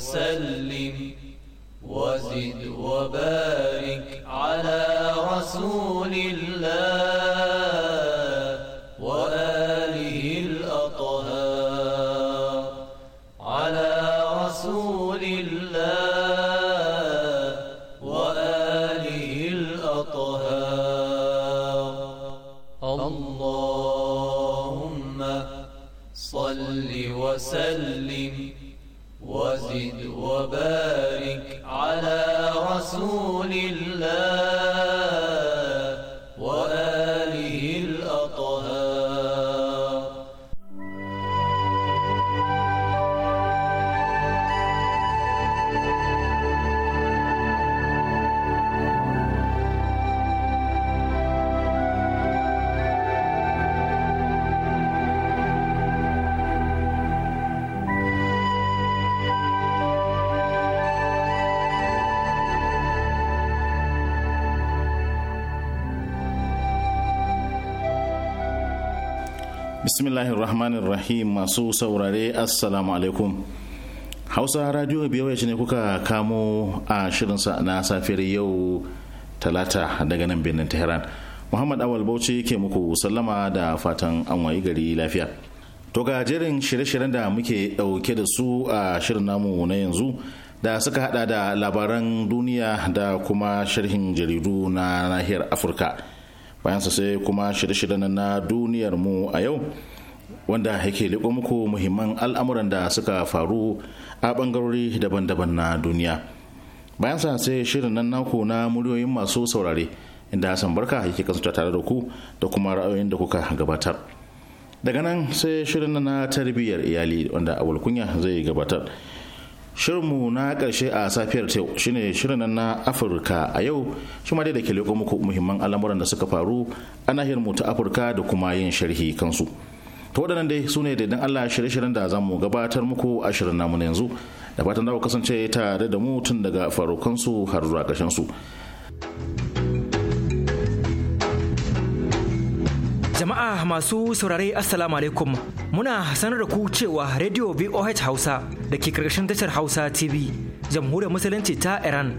وسلم وزد وبارك rahim masu saurare assalamu alaikum hausa radio biyawai shi ne kuka kamo a shirinsa na safiyar yau talata daga nan birnin tehran muhammad awal bauchi ke muku sallama da fatan an wayi gari lafiya to ga jerin shirye-shiryen da muke dauke da su a shirin namu na yanzu da suka hada da labaran duniya da kuma sharhin jaridu na nahiyar afirka bayansa sai kuma shirye-shiryen na duniyar mu a yau wanda yake liƙo muku muhimman al'amuran da suka faru a bangarori daban-daban na duniya bayan sa sai shirin nan naku na muryoyin masu saurare inda hassan barka yake kasuta tare da ku da kuma ra'ayoyin da kuka gabatar daga nan sai shirin na tarbiyyar iyali wanda abul kunya zai gabatar shirin mu na karshe a safiyar ta yau shine shirin na afirka a yau shi ma dai da ke leƙo muku muhimman al'amuran da suka faru a nahiyar mu ta afirka da kuma yin sharhi kansu to waɗannan dai su ne daidan allah shirye-shiryen da za mu gabatar muku a shirin namu na yanzu da fatan za ku kasance tare da mu tun daga farokansu har zuwa kashensu. jama'a masu saurare assalamu alaikum muna sanar da ku cewa radio voh hausa da ke karkashin tashar hausa tv jamhuriyar musulunci ta iran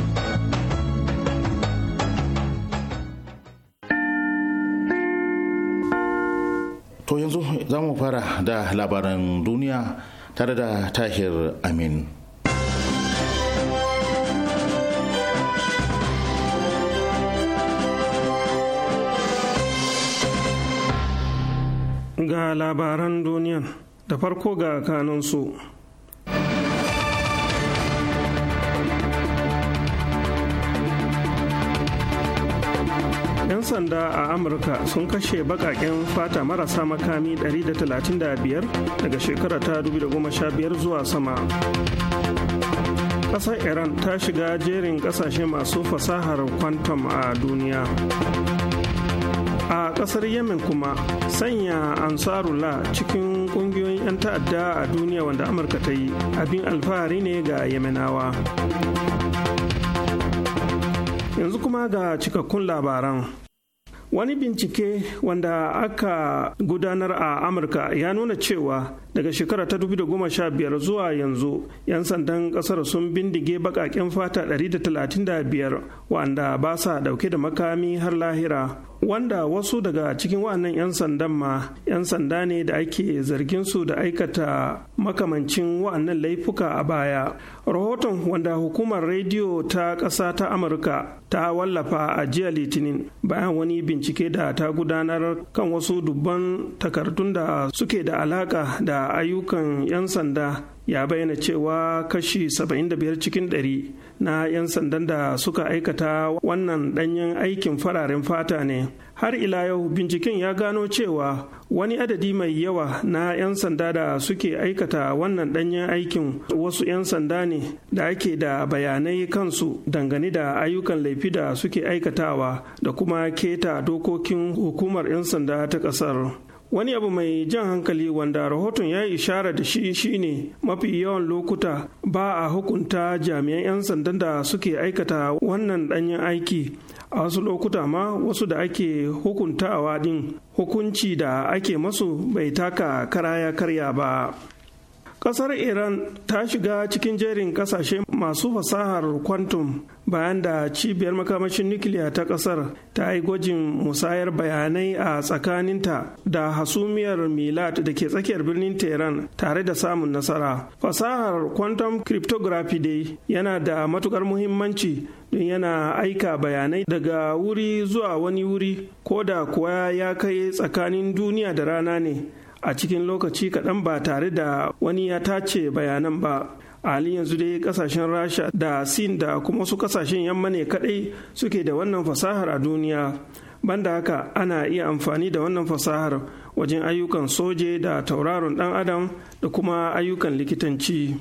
to yanzu za mu fara da labaran duniya tare da tahir amin ga labaran duniyan da farko ga kanansu sanda a amurka sun kashe bakaken fata marasa makami 135 daga shekara ta 2015 zuwa sama ƙasar iran ta shiga jerin ƙasashe masu fasahar kwantam a duniya a ƙasar yemen kuma sanya ansarula cikin ƙungiyoyin 'yan ta'adda a duniya wanda amurka ta yi abin alfahari ne ga yemenawa yanzu kuma ga cikakkun labaran wani bincike wanda aka gudanar a amurka ya nuna cewa daga shekara ta sha biyar zuwa yanzu 'yan sandan kasar sun bindige bakaken fata da da talatin biyar wanda ba sa dauke da makami har lahira wanda wasu daga cikin wa'annan 'yan sandan ma 'yan sanda ne da ake zargin su da aikata makamancin wa'annan laifuka a baya rahoton wanda hukumar rediyo ta ƙasa ta amurka ta wallafa a jiya litinin bayan wani bincike da ta gudanar kan wasu dubban takardun da suke da alaka da ayyukan 'yan sanda ya bayyana cewa kashi 75 cikin 100 na 'yan sandan da suka aikata wannan 'danyen aikin fararen fata ne har ila yau binciken ya gano cewa wani adadi mai yawa na 'yan sanda da suke aikata wannan 'danyen aikin wasu 'yan sanda ne da ake da bayanai kansu dangane da ayyukan laifi da suke aikatawa da kuma keta dokokin hukumar 'yan sanda ta ƙasar wani abu mai jan hankali wanda rahoton ya yi ishara da shi shine mafi yawan lokuta ba a hukunta jami'an 'yan sandan da suke aikata wannan danyen aiki a wasu lokuta ma wasu da ake hukuntawa din hukunci da ake masu bai taka karaya karya ba kasar iran ta shiga cikin jerin kasashe masu fasahar kwantum bayan da cibiyar makamashin nukiliya ta kasar ta yi gwajin musayar bayanai a tsakaninta da hasumiyar milad da ke tsakiyar birnin tehran tare da samun nasara fasahar kwantum cryptography dai yana da matukar muhimmanci don yana aika bayanai daga wuri zuwa wani wuri ko da kuwa ya kai tsakanin duniya da rana ne a cikin lokaci kaɗan ba tare da wani ya tace bayanan ba halin yanzu dai kasashen rasha da sin da kuma wasu kasashen yamma ne kaɗai suke da wannan fasahar a duniya banda haka ana iya amfani da wannan fasahar wajen ayyukan soje da tauraron ɗan adam da kuma ayyukan likitanci.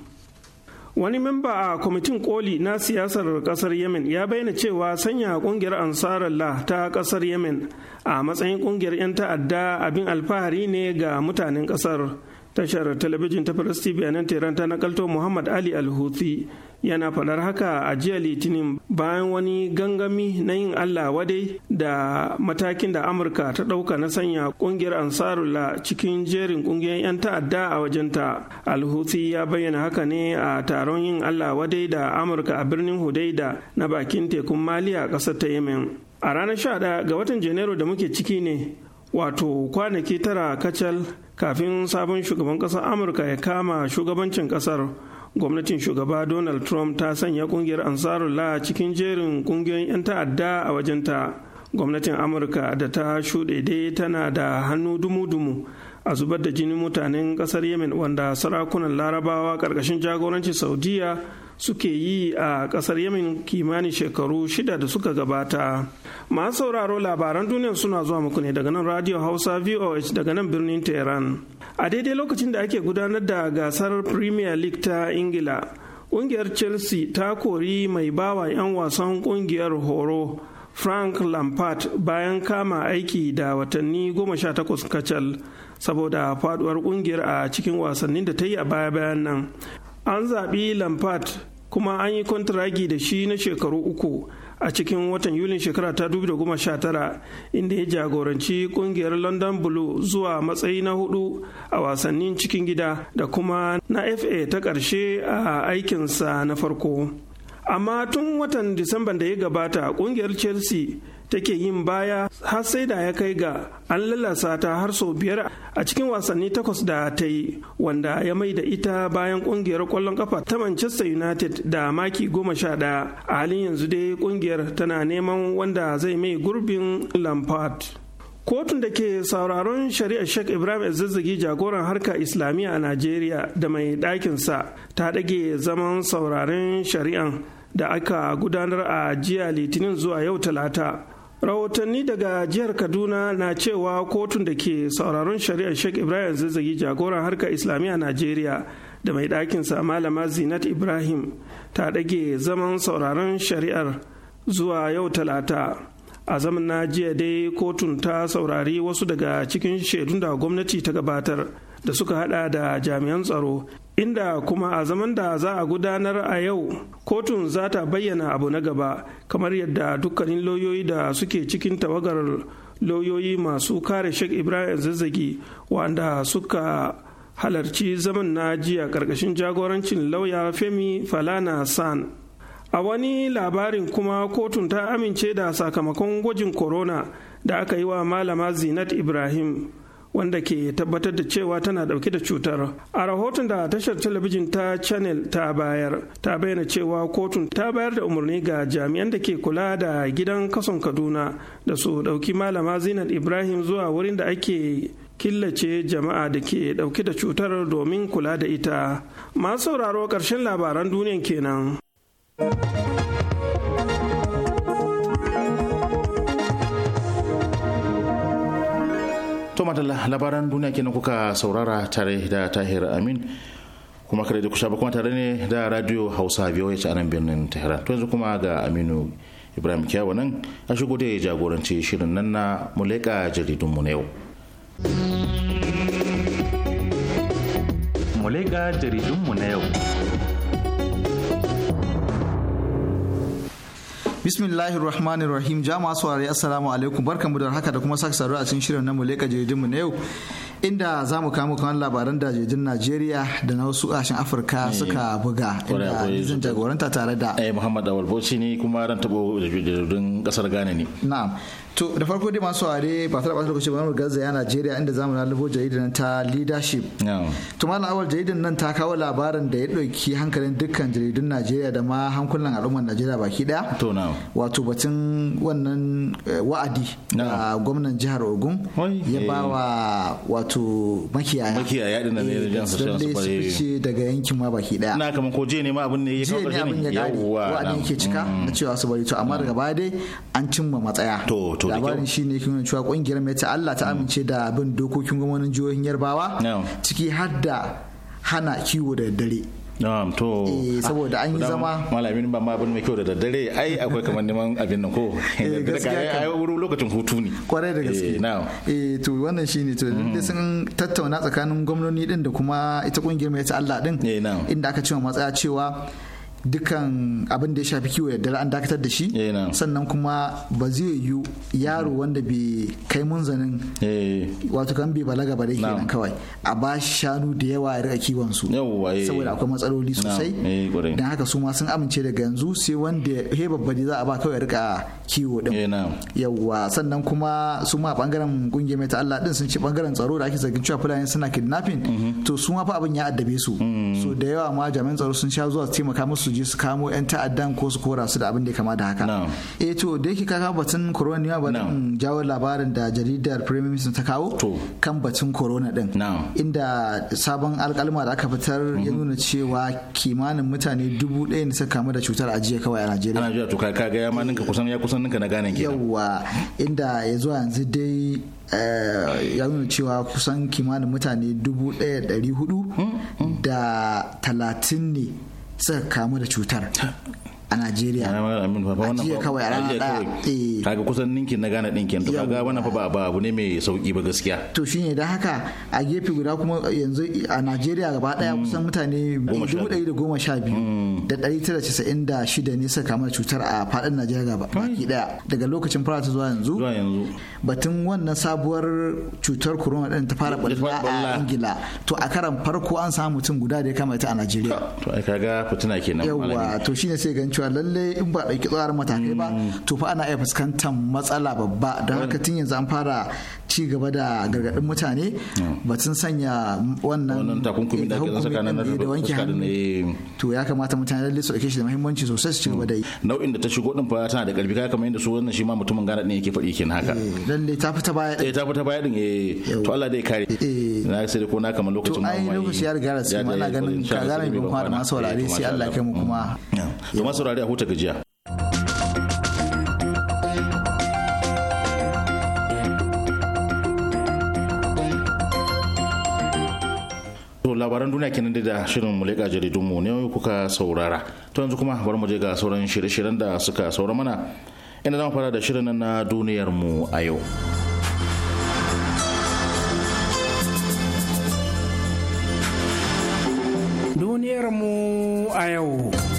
wani mamba a kwamitin koli na siyasar kasar yemen ya bayyana cewa sanya kungiyar ansarallah ta kasar yemen a matsayin kungiyar 'yan ta'adda abin alfahari ne ga mutanen kasar tashar talabijin ta faras tv a nan teran ta nakalto muhammad ali alhuthi yana faɗar haka a jiya litinin bayan wani gangami na yin allah wadai da matakin da amurka ta ɗauka na sanya ƙungiyar ansarullah cikin jerin ƙungiyar 'yan ta'adda a wajenta alhutsi ya bayyana haka ne a taron yin allah wadai da amurka a birnin hudaida na bakin tekun mali a ƙasar ta yemen a ranar 11 ga watan janairu da muke ciki ne wato kwanaki tara kacal kafin sabon shugaban ƙasar amurka ya kama shugabancin ƙasar gwamnatin shugaba donald trump ta sanya kungiyar ansarullah cikin jerin kungiyoyin 'yan ta'adda a wajenta gwamnatin amurka da ta shuɗe dai tana da hannu dumu-dumu a zubar da jinin mutanen ƙasar yemen wanda sarakunan larabawa ƙarƙashin jagorancin saudiya suke yi a kasar yamin kimanin shekaru shida da suka gabata masu sauraro labaran duniya suna zuwa muku ne daga nan radio hausa voh daga nan birnin tehran a daidai lokacin da ake gudanar da gasar premier league ta ingila ƙungiyar chelsea ta kori mai bawa 'yan wasan ƙungiyar horo frank lampard bayan kama aiki da watanni goma sha takwas kacal saboda faduwar kungiyar a cikin wasannin da ta yi a baya-bayan nan an zaɓi lampard kuma an yi kwantiragi da shi na shekaru uku a cikin watan yulin shekara ta 2019 inda ya jagoranci kungiyar london blue zuwa matsayi na hudu a wasannin cikin gida da kuma na fa ta ƙarshe a aikinsa na farko amma tun watan disamban da ya gabata kungiyar chelsea take yin baya har sai da ya kai ga an lalasa ta har sau biyar a cikin wasanni takwas da ta yi wanda ya mai da ita bayan kungiyar kwallon kafa ta manchester united da maki goma sha ɗaya a halin yanzu dai kungiyar tana neman wanda zai mai gurbin lampard kotun da ke sauraron shari'ar sheikh ibrahim zazzagi jagoran harka islamiyya a najeriya da mai ɗakinsa ta ɗage zaman sauraron shari'an da aka gudanar a jiya litinin zuwa yau talata rahotanni daga jihar kaduna na cewa kotun da ke sauraron shari'ar sheikh ibrahim zazzagi jagoran harkar islamiyya najeriya da mai ɗakinsa malama zinat ibrahim ta ɗage zaman sauraron shari'ar zuwa yau talata a zaman na jiya dai kotun ta saurari wasu daga cikin shaidun da gwamnati ta gabatar da suka hada da jami'an tsaro inda kuma a zaman da za a gudanar a yau kotun za ta bayyana abu na gaba kamar yadda dukkanin lauyoyi da suke cikin tawagar lauyoyi masu kare sheikh ibrahim zazzagi wanda suka halarci zaman na jiya karkashin jagorancin lauya femi falana san a wani labarin kuma kotun ta amince da sakamakon gwajin corona da aka yi wa malama zinat ibrahim wanda ke tabbatar da cewa tana dauke da cutar a rahoton da tashar talabijin ta channel ta bayar ta bayyana cewa kotun ta bayar da umarni ga jami'an da ke kula da gidan kason kaduna da su dauki malama zinat ibrahim zuwa wurin da ake killace jama'a da ke dauke da cutar domin kula da ita masu sauraro ƙarshen labaran duniyan kenan. to madalla labaran duniya kenan kuka saurara tare da tahir amin kuma kare da ku shafa kuma tare ne da radio hausa voh a nan birnin tehran to yanzu kuma ga aminu ibrahim kiya nan a shigo da jagoranci shirin nan na muleka mu na yau muleka mu na yau Bismillahirrahmanirrahim jama'a saurari assalamu alaikum barkanmu da haka da kuma sake saduwa a cikin shirin na muleka mu na yau inda za mu kawo kan labaran da jejin Najeriya da na wasu kasashen Afirka eh, suka buga inda zan jagoranta tare da eh Muhammad Awal ne kuma ran tabo da jaridun kasar Ghana ne na'am to da farko dai masu ware ba tare ba lokaci ba gaza garzaya Najeriya inda zamu na lafo jaridan ta leadership to malam awal jaridan nan ta kawo labarin da ya dauki hankalin dukkan jaridun Najeriya da ma hankulan al'ummar Najeriya baki daya to na wato batun wannan eh, wa'adi na gwamnan jihar Ogun ya ba wa wato makiyaya makiyaya din nan ne da eh, su ce daga yankin ma baki daya na kaman ko je ne ma abin ne ya kawo ne wa'adin ke cika na cewa su bari to amma daga baya dai an cimma matsaya to Da kyau shi ne kuma cewa kungiyar mai ta Allah ta mm. amince da bin dokokin gwamnatin jihohin yarbawa ciki har da hana kiwo da dare Na'am to eh, saboda an yi ah, zama malamin ba ma abin mai kyau da daddare ai akwai kamar neman abin nan ko eh, ai wurin lokacin hutu ne kwarai da eh, gaske na'am eh to wannan shine to dai mm. sun tattauna tsakanin gwamnoni din da kuma ita kungiyar mai ta Allah din inda aka ce matsaya cewa dukan abin da ya shafi kiwo yadda an dakatar da shi eh, sannan kuma ba zai yiwu yaro wanda bai kai munzanin eh. wato kan bai balaga ba da kenan kawai a ba shanu da yawa ya kiwon su eh. saboda akwai matsaloli sosai don haka su ma sun amince daga yanzu sai wanda he babba za a ba kawai rika kiwo din yawa sannan kuma su ma bangaren kungiyar mai Allah din sun ci bangaren tsaro da ake zargin cewa fulani suna kidnapping mm-hmm. to su ma fa abin ya addabe su mm-hmm. so da yawa ma jami'an tsaro sun sha zuwa taimaka musu su je su kamo yan ta'addan ko su kora su da abin da ya kama da haka eh to da yake kaka batun corona ne ba dan jawo labarin da jaridar premium ta kawo kan batun corona din inda sabon alkalma da aka fitar ya mhm. nuna cewa kimanin mutane dubu ɗaya ne suka kamu da cutar jiya kawai a Najeriya. A Najeriya to kai ga ya ma ninka kusan ya kusan ninka na gane. ke. Yawwa inda ya zo yanzu dai eh, ya nuna cewa kusan kimanin mutane dubu ɗaya ɗari hudu hmm? Hmm? da talatin ne suka kamu da cutar a Najeriya. A kawai a rana ɗaya. Eh. Kaga kusan ninkin na gane ɗinkin to kaga wannan fa ba abu ne mai sauki ba gaskiya. To shine da haka a gefe guda kuma yanzu a Najeriya gaba ɗaya hmm. kusan mutane dubu ɗari da goma sha biyu hmm. da ɗari tara casa'in da shida ne suka kama cutar a faɗin Najeriya gaba baki ɗaya daga lokacin fara ta zuwa yanzu. Zuwa yanzu. Batun wannan sabuwar cutar corona ɗin ta fara ɓarna a Ingila to a karan farko an samu mutum guda da ya kama a Najeriya. To ai kaga fitina kenan. Yawwa to shine sai ganci cewa lalle in ba ɗauki tsarin matakai ba to fa ana iya fuskantar matsala babba don haka tun yanzu an fara ci gaba da gargaɗin mutane mm. batun sanya wannan takunkumi da wanke to ya kamata mutane lalle su shi da muhimmanci sosai su ci gaba da yi mm. nau'in da ta shigo din fa tana da ƙarfi kai kamar yadda su wannan shi ma mutumin gara ne yake faɗi kenan haka eh, lalle ta fita baya eh ta fita baya din eh to Allah dai kare eh. na sai ko na kamar lokacin to ai lokaci ya riga da su ana ganin ka gara ne kuma da masu wurare eh, sai Allah kai mu kuma mm. to masu wurare a huta gajiya To labaran duniya kenan da shirin jaridun mu ne kuka saurara. To yanzu kuma bari mu je ga sauran shirye-shiryen da suka saura mana. Ina zama fara da shirin na duniyar mu a yau. Duniyar mu a yau.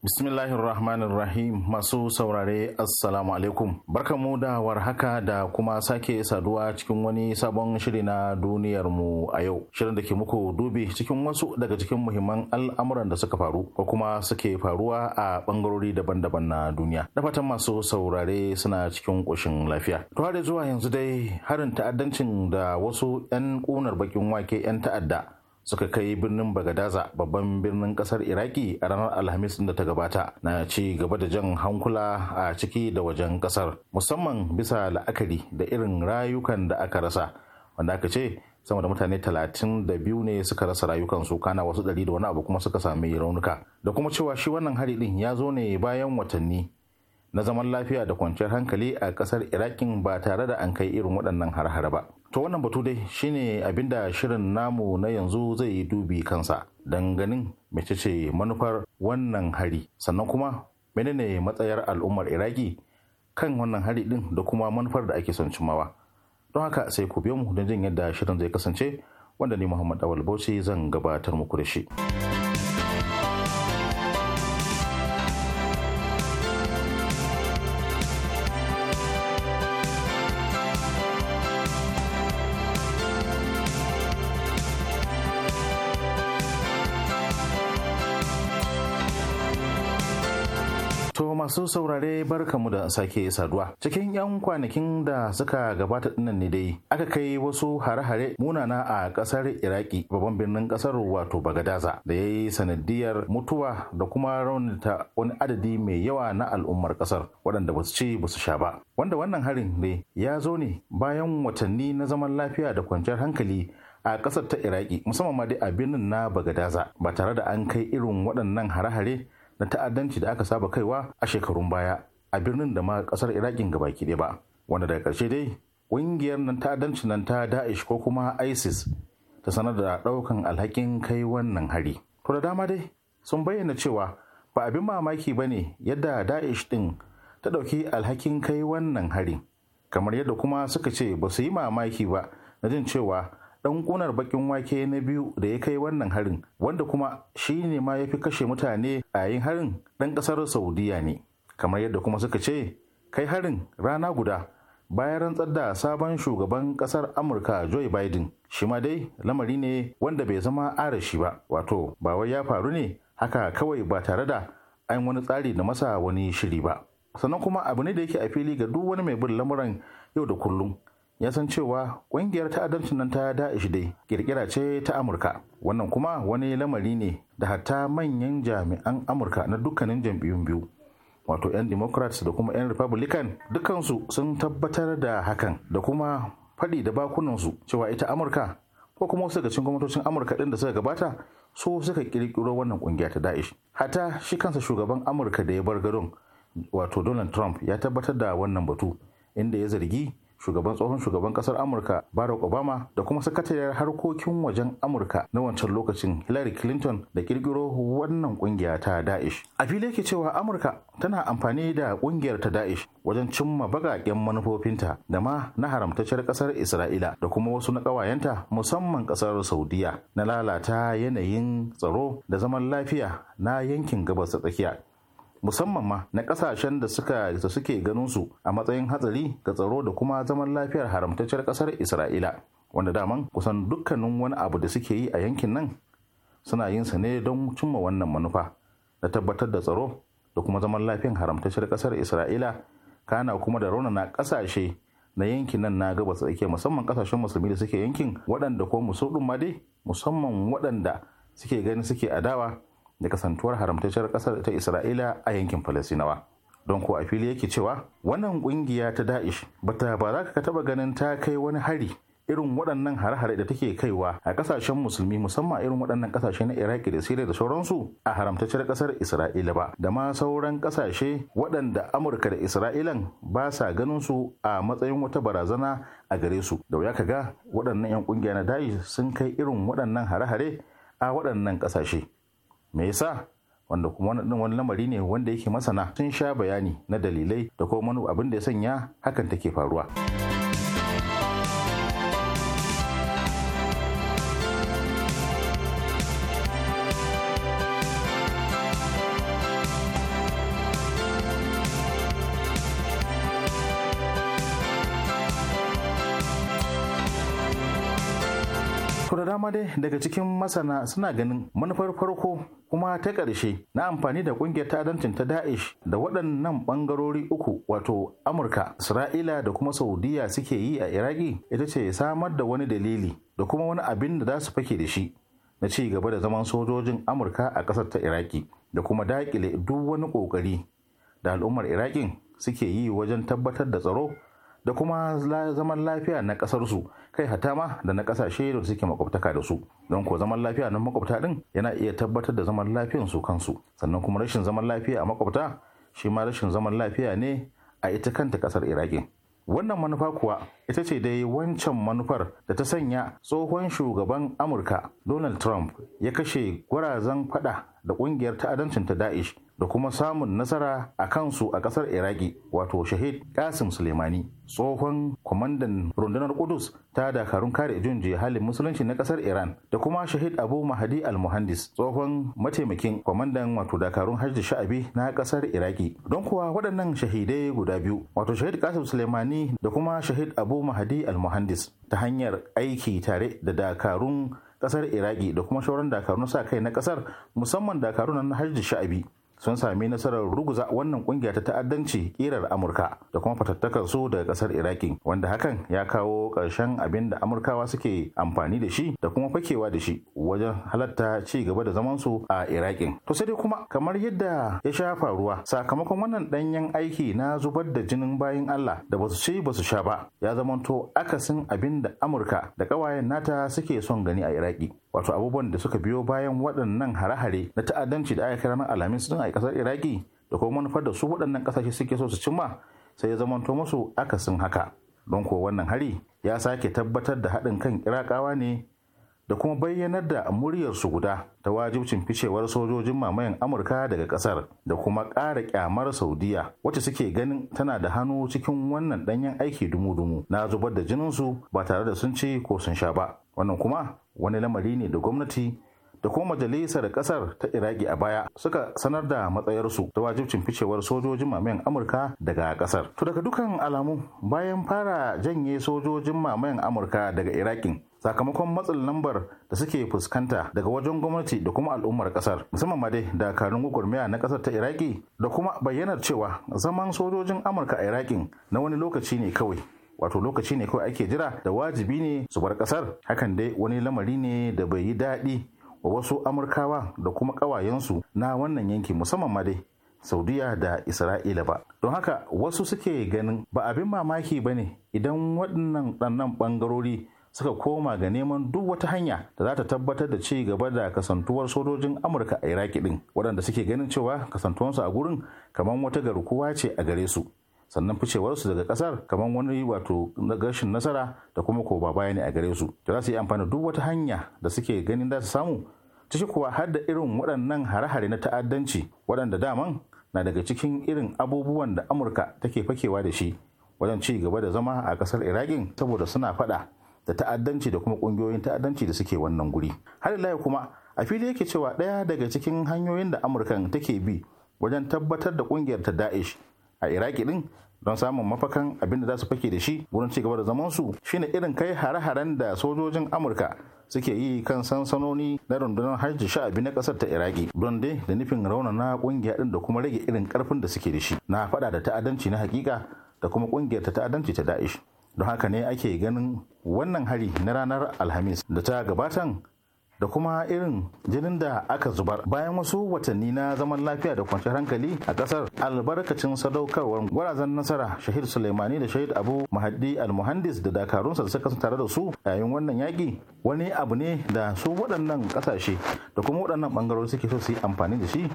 Bismillahirrahmanirrahim masu saurare assalamu alaikum barkamu da warhaka da kuma sake saduwa cikin wani sabon shiri na duniyar mu a yau shirin da ke muku dubi cikin wasu daga cikin muhimman al'amuran da suka faru ko kuma suke faruwa a bangarori daban-daban na duniya da fatan masu saurare suna cikin ƙoshin lafiya to har zuwa yanzu dai harin ta'addancin da wasu 'yan ƙunar bakin wake 'yan ta'adda suka kai birnin bagadaza babban birnin kasar iraki a ranar alhamis da ta gabata na ci gaba da jan hankula a ciki da wajen kasar musamman bisa la'akari da irin rayukan da aka rasa wanda aka ce sama da mutane talatin da biyu ne suka rasa rayukansu kana wasu ɗari da wani abu kuma suka sami raunuka da kuma cewa shi wannan hari din ya zo ne bayan watanni na zaman lafiya da kwanciyar hankali a kasar irakin ba tare da an kai irin waɗannan har-har ba to wannan batu dai shine abinda shirin namu na yanzu zai yi dubi kansa danganin mecece ce manufar wannan hari sannan kuma menene matsayar al'ummar iraki kan wannan hari din da kuma manufar da ake son cimawa don haka sai ku biyo mu don jin yadda shirin zai kasance wanda ni muhammad awal bauchi zan gabatar muku da shi. saurare barkamu da sake saduwa. Cikin 'yan kwanakin da suka gabata dinnan ne dai aka kai wasu hare-hare munana a ƙasar Iraki babban birnin ƙasar wato Bagadaza da ya yi sanadiyar mutuwa da kuma raunata wani adadi mai yawa na al'ummar ƙasar, waɗanda ba su ci ba su sha ba. Wanda wannan harin ne ya zo ne bayan watanni na zaman lafiya da kwanciyar hankali a kasar ta Iraki musamman ma dai a birnin na Bagadaza ba tare da an kai irin waɗannan hare-hare na ta'addanci da aka saba kaiwa a shekarun baya a birnin da ma kasar irakin gabaki ɗaya ba wanda daga ƙarshe dai ƙungiyar nan ta'addanci nan ta da'ish ko kuma isis ta sanar da ɗaukan alhakin kai wannan hari to da dama dai sun bayyana cewa ba abin mamaki ba ne yadda da'ish ɗin ta ɗauki alhakin kai wannan hari kamar yadda kuma suka ce ba su yi mamaki ba na jin cewa dan kunar bakin wake na biyu da ya kai wannan harin wanda kuma shi ne ma ya fi kashe mutane a yin harin dan kasar saudiya ne kamar yadda kuma suka ce kai harin rana guda bayan rantsar da sabon shugaban kasar amurka joe biden shi ma dai lamari ne wanda bai zama arashi ba wato ba wai ya faru ne haka kawai ba tare da an wani tsari da masa wani shiri ba sannan kuma abu ne da yake a fili ga duk wani mai bin lamuran yau da kullum ya san cewa ƙungiyar ta'addancin nan ta Da'ish dai kirkira ce ta Amurka. Wannan kuma wani lamari ne da hatta manyan jami'an Amurka na dukkanin jam'iyyun biyu. Wato 'yan Democrats da kuma 'yan Republican dukansu sun tabbatar da hakan da kuma faɗi da bakunansu cewa ita Amurka ko kuma wasu daga cikin gwamnatocin Amurka ɗin da suka gabata su suka kirkiro wannan ƙungiya ta Da'ish. Hatta shi kansa shugaban Amurka da ya bar gadon wato Donald Trump ya tabbatar da wannan batu inda ya zargi shugaban tsohon shugaban kasar amurka barack obama da kuma sakatariyar harkokin wajen amurka na wancan lokacin hillary clinton da kirkiro wannan kungiya ta daesh a fili yake cewa amurka tana amfani da kungiyar ta daesh wajen cimma bagaƙen manufofinta da ma na haramtacciyar kasar isra'ila da kuma wasu na ƙawayenta musamman kasar saudiya na lalata yanayin tsaro da zaman lafiya na yankin gabas ta tsakiya musamman ma na kasashen da suka da suke ganin su a matsayin hatsari ga tsaro da kuma zaman lafiyar haramtacciyar kasar Isra'ila wanda daman kusan dukkanin wani abu da suke yi a yankin nan suna yin sa ne don cimma wannan manufa na tabbatar da tsaro da kuma zaman lafiyar haramtacciyar kasar Isra'ila kana kuma da raunana kasashe na yankin nan na gabas tsakiya musamman kasashen musulmi da suke yankin waɗanda ko musulmi ma dai musamman waɗanda suke gani suke adawa da kasantuwar haramtacciyar kasar ta isra'ila a yankin falasinawa don ko a fili yake cewa wannan kungiya ta da'ish bata ba za ka taba ganin ta kai wani hari irin waɗannan hare-hare da take kaiwa a ƙasashen musulmi musamman irin waɗannan ƙasashe na iraki da siriya da sauransu a haramtacciyar kasar isra'ila ba da ma sauran kasashe waɗanda amurka da isra'ilan ba sa ganin su a matsayin wata barazana a gare su da wuya ka ga waɗannan 'yan ƙungiya na da'ish sun kai irin waɗannan hare-hare a waɗannan ƙasashe me yasa wanda kuma wani wani lamari ne wanda yake masana sun sha bayani na dalilai da kuma wani abin da ya sanya hakan take faruwa. daga cikin masana suna ganin manufar farko kuma ta ƙarshe na amfani da ƙungiyar ta'adancin ta Da'ish da waɗannan ɓangarori uku wato Amurka, Isra'ila da kuma Saudiya suke yi a Iraki ita ce samar da wani dalili da kuma wani abin da za su fake da shi na ci gaba da zaman sojojin Amurka a ƙasar ta Iraki da kuma daƙile duk wani ƙoƙari da al'ummar iraki suke yi wajen tabbatar da tsaro da kuma zaman lafiya na ƙasarsu kai hata ma da na ƙasashe da suke makwabtaka da su don ko zaman lafiya na makwabta din yana iya tabbatar da zaman lafiyan su kansu sannan kuma rashin zaman lafiya a makwabta shi ma rashin zaman lafiya ne a ita kanta ƙasar iraki wannan manufa kuwa ita ce dai wancan manufar da ta sanya tsohon shugaban amurka donald trump ya kashe gwarazan fada da kungiyar ta'adancin ta da'ish da kuma samun nasara a kansu a kasar iraki wato shahid kasim suleimani tsohon kwamandan rundunar kudus ta dakarun kare jin halin musulunci na kasar iran da kuma shahid abu mahadi almuhandis tsohon mataimakin kwamandan wato dakarun hajji sha'abi na kasar iraki don kuwa waɗannan shahidai guda biyu wato shahid kasim suleimani da kuma shahid abu kawo mahadi almuhandis ta hanyar aiki tare da dakarun kasar iraki da kuma sauran dakarun sa kai na kasar musamman dakarun na hajji sha'abi sun sami nasarar ruguza wannan kungiya ta ta'addanci kirar amurka da kuma fatattakar su daga kasar iraki wanda hakan ya kawo ƙarshen abin da amurkawa suke amfani da shi da kuma fakewa da shi wajen halatta ci gaba da zaman su a iraki to sai dai kuma kamar yadda ya sha faruwa sakamakon wannan danyen aiki na zubar da jinin bayan allah da basu ci basu sha ba ya zamanto akasin abin da amurka da ƙawayen nata suke son gani a iraki wato abubuwan da suka biyo bayan waɗannan hare-hare na ta'addanci da aka kira na alhamis sun a ƙasar iraki da kuma manufar da su waɗannan ƙasashe suke so su cimma sai ya zamanto musu akasin haka don ko wannan hari ya sake tabbatar da haɗin kan irakawa ne da kuma bayyanar da muryarsu guda ta wajibcin ficewar sojojin mamayan amurka daga kasar da kuma ƙara kyamar saudiya wacce suke ganin tana da hannu cikin wannan ɗanyen aiki dumu-dumu na zubar da jininsu ba tare da sun ce ko sun sha ba wannan kuma wani lamari ne da gwamnati da kuma majalisar kasar ta iraki a baya suka sanar da matsayarsu ta wajibcin ficewar sojojin mamayan amurka daga kasar to daga dukan alamu bayan fara janye sojojin mamayan amurka daga irakin sakamakon matsin lambar da suke fuskanta daga wajen gwamnati da kuma al'ummar kasar musamman ma dai dakarun gwagwarmaya na kasar ta iraki da kuma bayyanar cewa zaman sojojin amurka a irakin na wani lokaci ne kawai wato lokaci ne kawai ake jira da wajibi ne su bar kasar hakan dai wani lamari ne da bai yi daɗi wa wasu amurkawa da kuma ƙawayensu na wannan yanki musamman ma dai saudiya da isra'ila ba don haka wasu suke ganin ba abin mamaki ba ne idan waɗannan ɗannan ɓangarori suka koma ga neman duk wata hanya da za ta tabbatar da ci gaba da kasantuwar sojojin amurka a iraki din waɗanda suke ganin cewa kasantuwansu a gurin kamar wata garkuwa ce a gare su sannan ficewarsu daga kasar kamar wani wato gashin nasara da kuma ko baya ne a gare su da za su yi amfani duk wata hanya da suke ganin za su samu ciki kuwa har da irin waɗannan hare-hare na ta'addanci waɗanda daman na daga cikin irin abubuwan da amurka take fakewa da shi wajen ci gaba da zama a kasar iraqin saboda suna faɗa da ta'addanci da kuma kungiyoyin ta'addanci da suke wannan guri har ila kuma a fili yake cewa ɗaya daga cikin hanyoyin da amurkan take bi wajen tabbatar da kungiyar ta Daesh a iraki din don samun mafakan abin da za su fake da shi wurin ci gaba da zaman su shine irin kai hare-haren da sojojin amurka suke yi kan sansanoni na rundunar hajji sha'abi na kasar ta iraki don dai da nufin na kungiya din da kuma rage irin karfin da suke da shi na fada da ta'addanci na hakika da kuma kungiyar ta ta'addanci ta da'ish don haka ne ake ganin wannan hari na ranar alhamis da ta gabatan da kuma irin jinin da aka zubar bayan wasu watanni na zaman lafiya da kwanciyar hankali a kasar albarkacin sadaukarwar gwarazan nasara shahid sulaimani da shahid abu mahaddi almuhandis da dakarunsa da suka tare da su yayin wannan yaƙi wani abu ne da su waɗannan ƙasashe da kuma waɗannan ɓangarori suke so su yi amfani da shi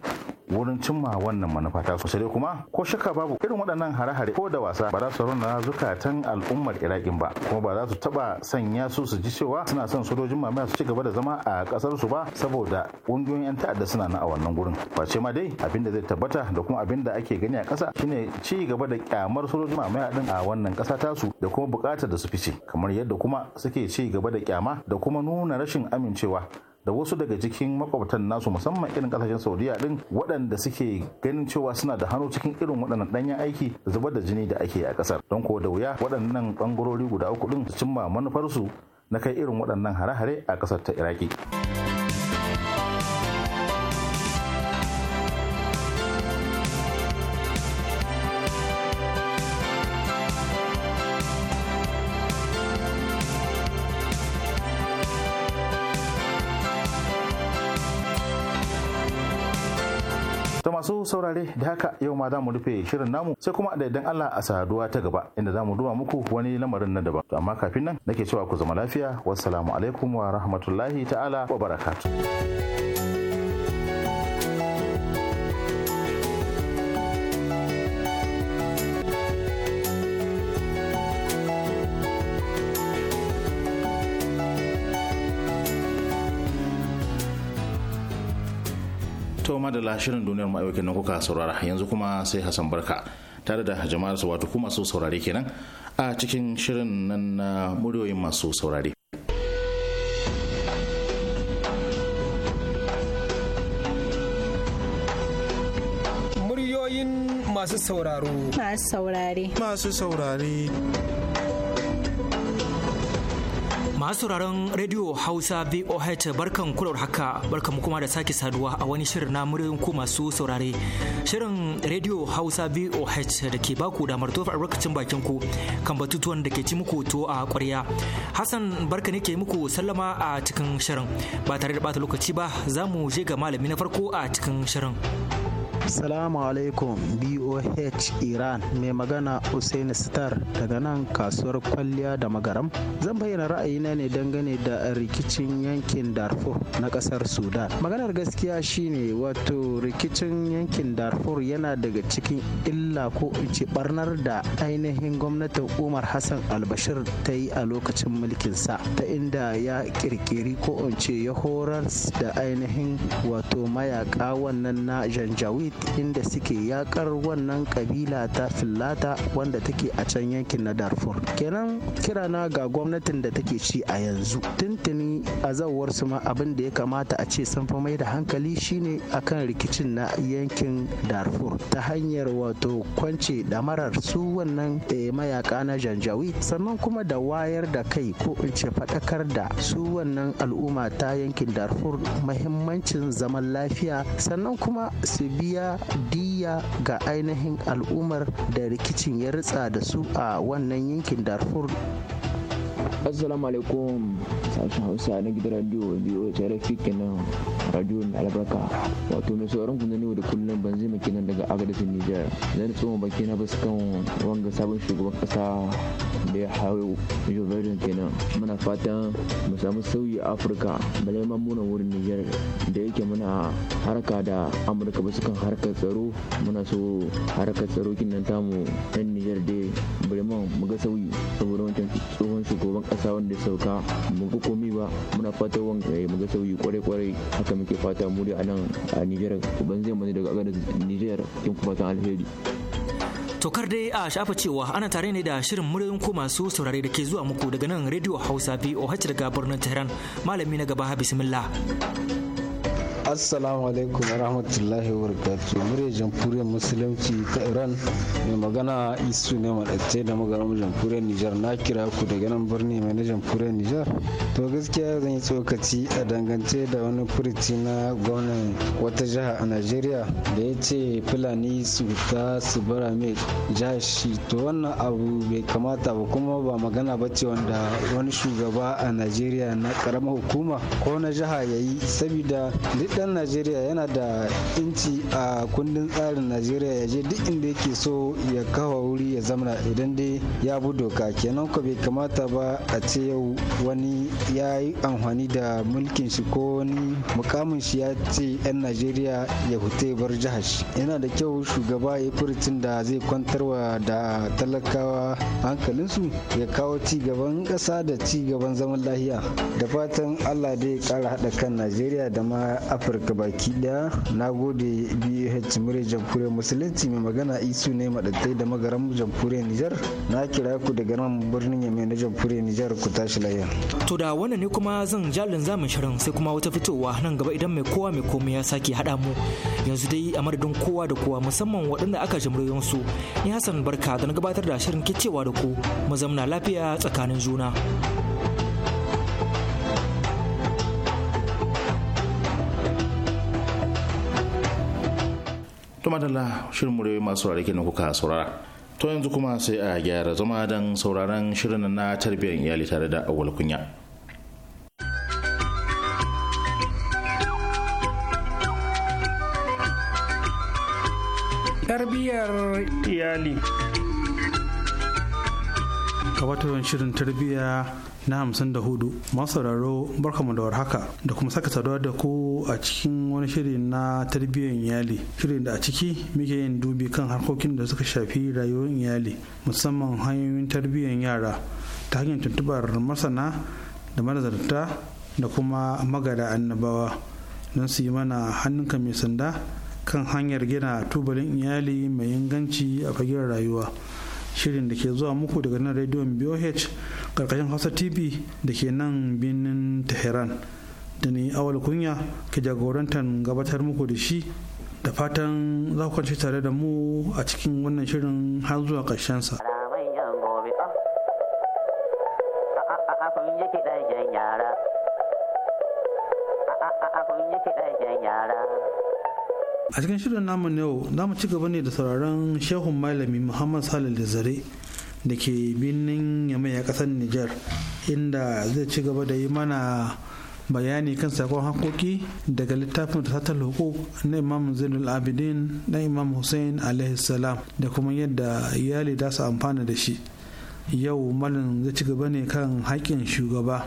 wurin cimma wannan manufa ta su sai kuma ko shaka babu irin waɗannan hare-hare ko da wasa ba za su rauna zukatan al'ummar iraƙin ba kuma ba za su taɓa sanya su su ji cewa suna son sojojin mamaya su ci gaba da zama a a kasar su ba saboda ƙungiyoyin 'yan ta'adda suna na a wannan gurin face ma dai abin da zai tabbata da kuma abin da ake gani a ƙasa shine ci gaba da kyamar sojojin mamaya din a wannan ƙasa tasu da kuma buƙatar da su fice kamar yadda kuma suke ci gaba da kyama da kuma nuna rashin amincewa da wasu daga cikin makwabtan nasu musamman irin kasashen saudiya din waɗanda suke ganin cewa suna da hannu cikin irin waɗannan ɗanyen aiki da zubar da jini da ake a ƙasar don ko da wuya waɗannan ɓangarori guda uku ɗin su cimma manufarsu na kai irin waɗannan hare-hare a ƙasar ta iraki. saurare da haka yau ma za mu rufe shirin namu sai kuma da idan Allah a saduwa ta gaba inda za mu duba muku wani lamarin na daban to amma kafin nan nake cewa ku zama lafiya wassalamu alaikum wa rahmatullahi ta'ala wa barakatuh da shirin duniyar mu nan kuka saurara yanzu kuma sai Hassan Barka tare da jama'ar su wato kuma su saurare kenan a cikin shirin nan na muryoyin masu saurare. Muryoyin masu sauraro. Masu saurare. Masu saurare. Masu sauraron Radio Hausa VOH barkan kular haka barkan kuma da sake saduwa a wani shirin na muryoyin ku masu saurare. Shirin Radio Hausa VOH da ke baku damar tofa albarkacin bakin ku kan batutuwan da ke ci muku to a kwarya Hassan barka ne ke muku sallama a cikin shirin ba tare da bata lokaci ba za mu je ga malami na farko a cikin shirin. Salamu alaikum BOH Iran mai magana Hussein Star daga nan kasuwar kwalliya da magaram. Zan bayyana ra'ayina ne dangane da rikicin yankin Darfur na ƙasar Sudan. Maganar gaskiya shine wato rikicin yankin Darfur yana daga cikin illa ko in ce barnar da ainihin gwamnatin Umar Hassan Albashir ta yi a lokacin mulkinsa ta inda ya ƙirƙiri ko in ce ya horar da ainihin wato mayaka wannan na Janjawi inda suke yakar wannan kabila ta fillata wanda take a can yankin na darfur kenan kirana ga gwamnatin da take ci a yanzu tuntuni a zawar su ma abin da ya kamata a ce sun fi mai da hankali shine akan rikicin na yankin darfur ta hanyar wato kwance damarar su wannan eh, mayaka na janjawi sannan kuma da wayar da kai ko in ce faɗakar da su wannan al'umma ta yankin darfur mahimmancin zaman lafiya sannan kuma su biya biya diya ga ainihin al'ummar da rikicin ya ritsa da su a wannan yankin darfur assalamu alaikum sashen hausa na gidan radio biyu ta rafi kenan radio mai albarka wato mai sauran ku ne da kullum ban zai kenan daga agadisin niger zan tsoma baki na basu kan wanga sabon shugaban kasa da ya hau joe kenan muna fatan mu samu sauyi a afirka balaiman muna wurin niger da yake muna harka da amurka basu kan harkar tsaro muna so harkar tsaro kinan tamu yan niger dai balaiman mu ga sauyi saboda wancan tsohon shugaban kasa kasa wanda sauka mun ga komi ba muna fata wanga ya muga sauyi kwarai kwarai haka muke fata mu a nan a Nijar ban zai mani daga agadar Nijar kin kuma san alheri Tokar dai a shafa cewa ana tare ne da shirin muryoyin ko masu saurare da ke zuwa muku daga nan Radio Hausa VOH daga birnin Tehran malami na gaba bismillah assalamu alaikum wa rahmatullahi wa barakatuh murya jamhuriyar musulunci ta iran mai magana isu ne madatte da magana jamhuriyar nijar na kira ku daga nan birni mai jamhuriyar nijar to gaskiya zan yi tsokaci a dangance da wani furuci na gwamnan wata jiha a najeriya da ya ce fulani su ta su bara mai jashi to wannan abu bai kamata ba kuma ba magana ba ce wanda wani shugaba a najeriya na karamar hukuma ko na jiha ya yi saboda dan najeriya yana da inci a kundin tsarin najeriya ya je duk inda yake so ya kawo wuri ya zamana idan dai ya bu doka kenan ko bai kamata ba a ce yau wani ya yi amfani da mulkin shi ko wani mukamin shi ya ce yan najeriya ya hute bar jihar shi yana da kyau shugaba ya furicin da zai kwantarwa da talakawa hankalinsu ya kawo ci gaban ƙasa da ci gaban zaman lahiya da fatan allah dai ya kara haɗa kan najeriya da ma afirka baki daya na gode bh murya jamhuriyar musulunci mai magana isu ne madadai da magaran jamhuriyar nijar na kira ku daga nan birnin yamma na jamhuriyar nijar ku tashi lafiya to da wannan ne kuma zan jalin zamin shirin sai kuma wata fitowa nan gaba idan mai kowa mai komai ya sake hada mu yanzu dai a madadin kowa da kowa musamman waɗanda aka jimriyon su ni hassan barka da na gabatar da shirin kicewa da ku mu zamna lafiya tsakanin juna. to madalla shirin murewa masu rarrake kenan kuka saurara to yanzu kuma sai a gyara zama don sauraron shirin na tarbiyyar iyali tare da awal kunya tarbiyyar iyali gabatarwar shirin tarbiyya na hamsin da hudu masu sauraro barkamu da warhaka da kuma saka saduwa da ku a cikin wani shiri na tarbiyyar iyali shirin da a ciki muke yin dubi kan harkokin da suka shafi rayuwar iyali musamman hanyoyin tarbiyyar yara ta hanyar tuntubar masana da manazarta da kuma magada annabawa don su yi mana hannunka mai sanda kan hanyar gina tubalin iyali mai inganci a fagen rayuwa shirin da ke zuwa muku daga nan rediyon BOH karkashin Hausa TV da ke nan birnin Tehran da ni awal kunya ke jagorantar gabatar muku da shi da fatan za ku kwanci tare da mu a cikin wannan shirin har zuwa ƙarshensa. Ah, ah, ah, yara a cikin shirin namu yau za mu ci gaba ne da sauraron shehun malami muhammad salih da zare da ke birnin yamai a kasar niger inda zai ci gaba da yi mana bayani kan sakon hakoki daga littafin da tatar hukuk na imam zainul abidin na imam hussein alaihi da kuma yadda iyali da su amfana da shi yau malam zai ci gaba ne kan haƙƙin shugaba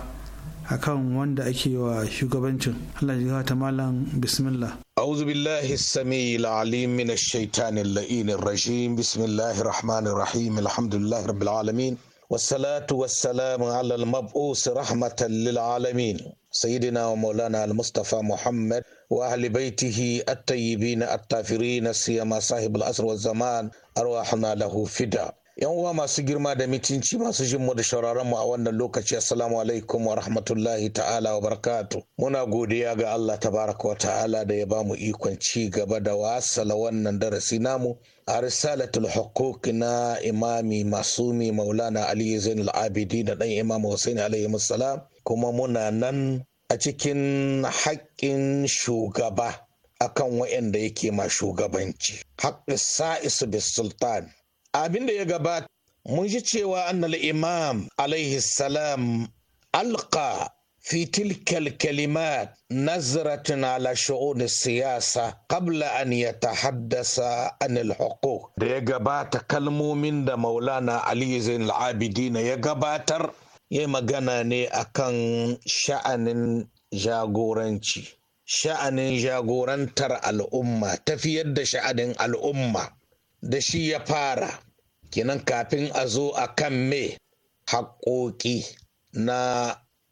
akan wanda ake wa shugabancin Allah ya ta malam bismillah أعوذ بالله السميع العليم من الشيطان اللئين الرجيم بسم الله الرحمن الرحيم الحمد لله رب العالمين والصلاة والسلام على المبعوث رحمة للعالمين سيدنا ومولانا المصطفى محمد وأهل بيته الطيبين الطافرين سيما صاحب الأسر والزمان أرواحنا له فداء yan uwa masu girma da mitinci masu jin mu da shauraron mu a wannan lokaci assalamu alaikum wa rahmatullahi ta'ala wa barakatu muna godiya ga Allah tabaraka wa ta'ala da ya ba mu ikon ci gaba da wasala wannan darasi namu a risalatul huquq na imami masumi maulana ali zain al-abidi da dan imam husaini alaihi salam kuma muna nan a cikin haƙƙin shugaba akan waɗanda yake ma shugabanci haƙƙi sa'isu bis sultan abin da ya gabata mun ji cewa annal imam alaihi salam alqa في تلك الكلمات نظرة على شؤون السياسة قبل أن يتحدث عن الحقوق da ya gabata kalmomin da maulana Ali Zain al-Abidin ya gabatar ya magana ne akan sha'anin jagoranci sha'anin jagorantar al'umma tafiyar da sha'anin al'umma da shi ya fara kenan kafin a zo a kan me haƙoƙi na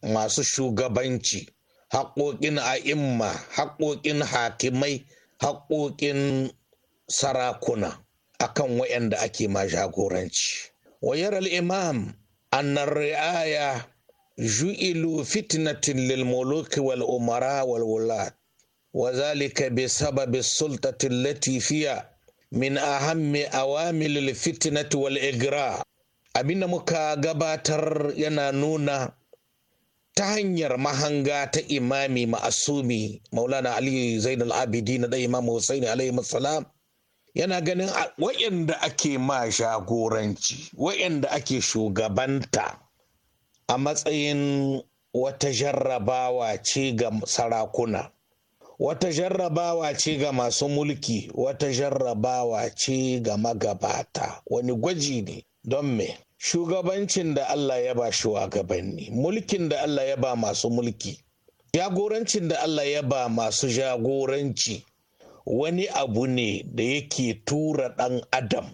masu shugabanci haƙoƙin a'imma haƙoƙin hakimai haƙoƙin sarakuna a kan waɗanda ake ma jagoranci wayaral imam annar ri'aya ju'ilu fitnatin lil muluki wal umara wal Wula wa zalika bi sababi sultatin latifiya. min ahammi awamilil fitnati wal igra abinda muka gabatar yana nuna ta hanyar mahanga ta imami ma'asumi maulana ali al abidi na da imam husaini alaihi salam yana ganin wayanda ake ma shagoranci wayanda ake shugabanta a matsayin wata jarrabawa ce ga sarakuna wata jarrabawa ce ga masu mulki wata jarrabawa ce ga magabata wani gwaji ne don me shugabancin da Allah ya ba shugabanni mulkin da Allah ya ba masu mulki jagorancin da Allah ya ba masu jagoranci wani abu ne da yake tura ɗan adam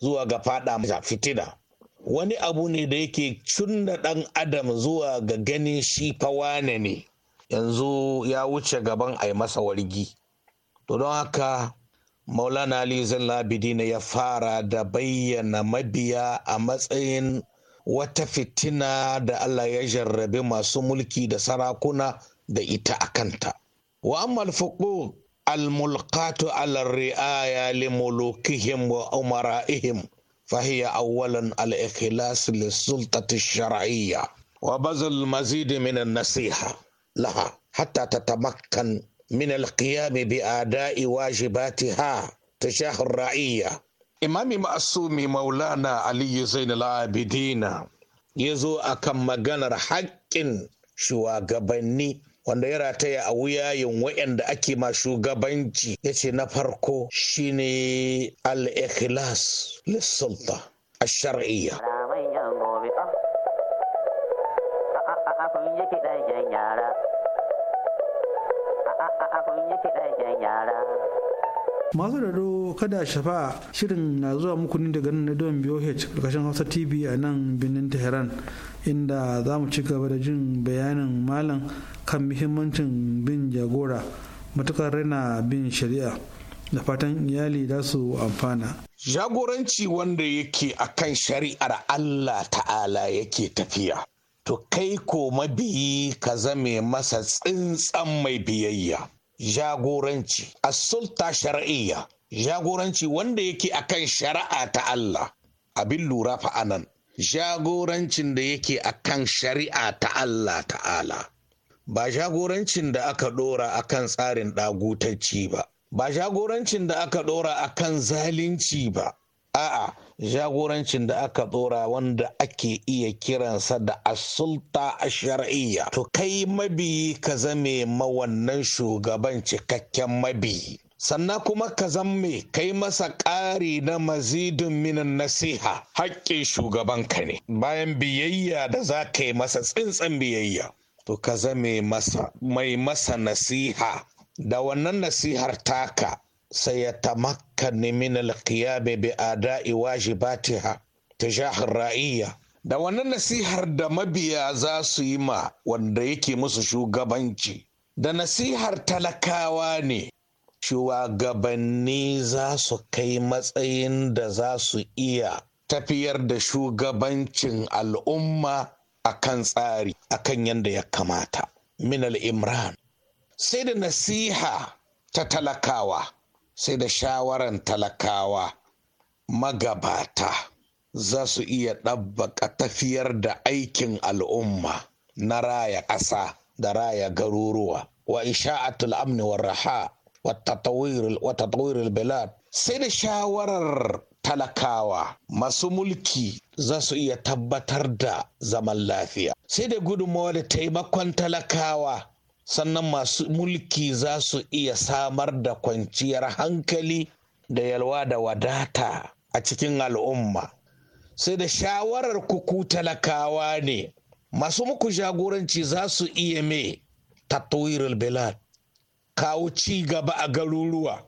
zuwa ga fada fitina wani abu ne da yake cunna ɗan adam zuwa ga ganin shi fawane ne yanzu ya wuce gaban a yi masa wargi to don haka maulana ali labidina ya fara da bayyana mabiya a matsayin wata fitina da allah ya jarrabe masu mulki da sarakuna da ita a kanta wa ammal fuqud wa على الرعاية لملوكهم وأمرائهم فهي أولا الإخلاص للسلطة الشرعية وبذل المزيد من nasiha. laha hatta tatamakkan min alqiyami bi ada'i wajibatiha تجاه الرعية إمامي معصومي مولانا علي زين العابدين يزو أكم maganar حق shugabanni wanda ya rataya a wuyayin wa'anda ake ma shugabanci ya ce na farko shine al-ikhlas lissulta a shar'iyya masu rado kada shafa shirin na zuwa muku ne daga nan na don BOH karkashin Hausa TV a nan birnin Tehran inda za mu ci gaba da jin bayanin malam kan muhimmancin bin jagora matukar rana bin shari'a da fatan iyali za su amfana. Jagoranci wanda yake a kan shari'ar Allah ta'ala yake tafiya. To kai ko mabiyi ka zame masa tsintsan mai biyayya. jagoranci A sulta shar'iyya jagoranci wanda yake akan shari'a ta Allah abin lura fa anan jagorancin da yake akan shari'a ta Allah ta'ala ba jagorancin da aka dora akan tsarin dagutacci ba ba jagorancin da aka dora akan zalunci ba a'a jagorancin da aka tsora wanda ake iya kiransa da asulta a shar'iyya to kai mabiyi ka zame mawannan shugaban cikakken mabiyi sannan kuma ka zame kai masa ƙari na mazidin minan nasiha haƙƙin shugabanka ne bayan biyayya da za ka yi masa tsintsin biyayya to ka zame masa mai masa nasiha da wannan nasihar taka sayatamakkan min alqiyami bi ada'i wajibatiha tijah ra'iyya da wannan nasihar da mabiya za su yi ma wanda yake musu shugabanci da nasihar talakawa ne shugabanni za su kai matsayin da za su iya tafiyar da shugabancin al'umma a kan tsari a kan yadda ya kamata min imran sai da nasiha ta talakawa sai da shawaran talakawa magabata za su iya ɗabbaka tafiyar da aikin al'umma na raya ƙasa da raya garuruwa wa isha'atul amni wa raha wa tatawirul bilad sai da shawarar talakawa masu mulki za su iya tabbatar da zaman lafiya sai da gudunmawa da taimakon talakawa sannan masu mulki za su iya samar da kwanciyar hankali da yalwa da wadata a cikin al'umma sai da shawarar kuku talakawa ne masu muku jagoranci za su iya me tatawirul bilad kawo ci gaba a garuruwa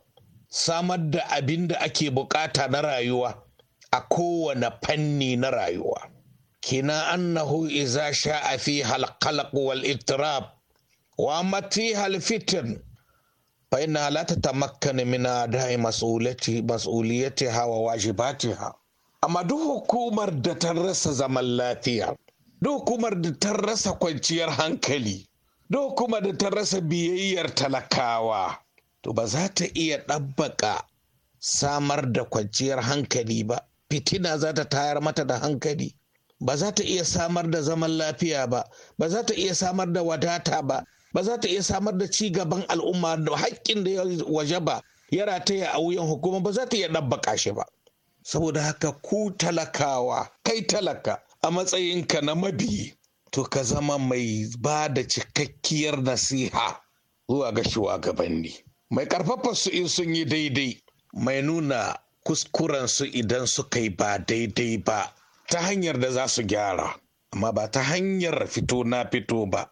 samar da abin da ake bukata na rayuwa a kowane fanni na rayuwa kina annahu iza sha'a fi halqalq wal ittirab wa mati halfitin fa inna la tatamakkanu min ada'i mas'uliyati mas'uliyatiha wa wajibatiha amma duk hukumar da ta rasa zaman lafiya duk hukumar da ta rasa kwanciyar hankali duk hukumar da ta rasa biyayyar talakawa to ba za ta iya ɗabbaka samar da kwanciyar hankali ba fitina za ta tayar mata da hankali ba za ta iya samar da zaman lafiya ba ba za ta iya samar da wadata ba ba za ta iya samar da ci gaban al'umma da haƙƙin da ya waje ba ya rataya a wuyan hukuma ba za ta iya ɗabbaka shi ba saboda haka ku talakawa kai talaka a matsayinka na mabi to ka zama mai ba da cikakkiyar nasiha zuwa ga shugabanni mai karfafa su in sun yi daidai mai nuna kuskurensu idan suka yi ba daidai ba ta hanyar da za su gyara amma ba ta hanyar fito na fito ba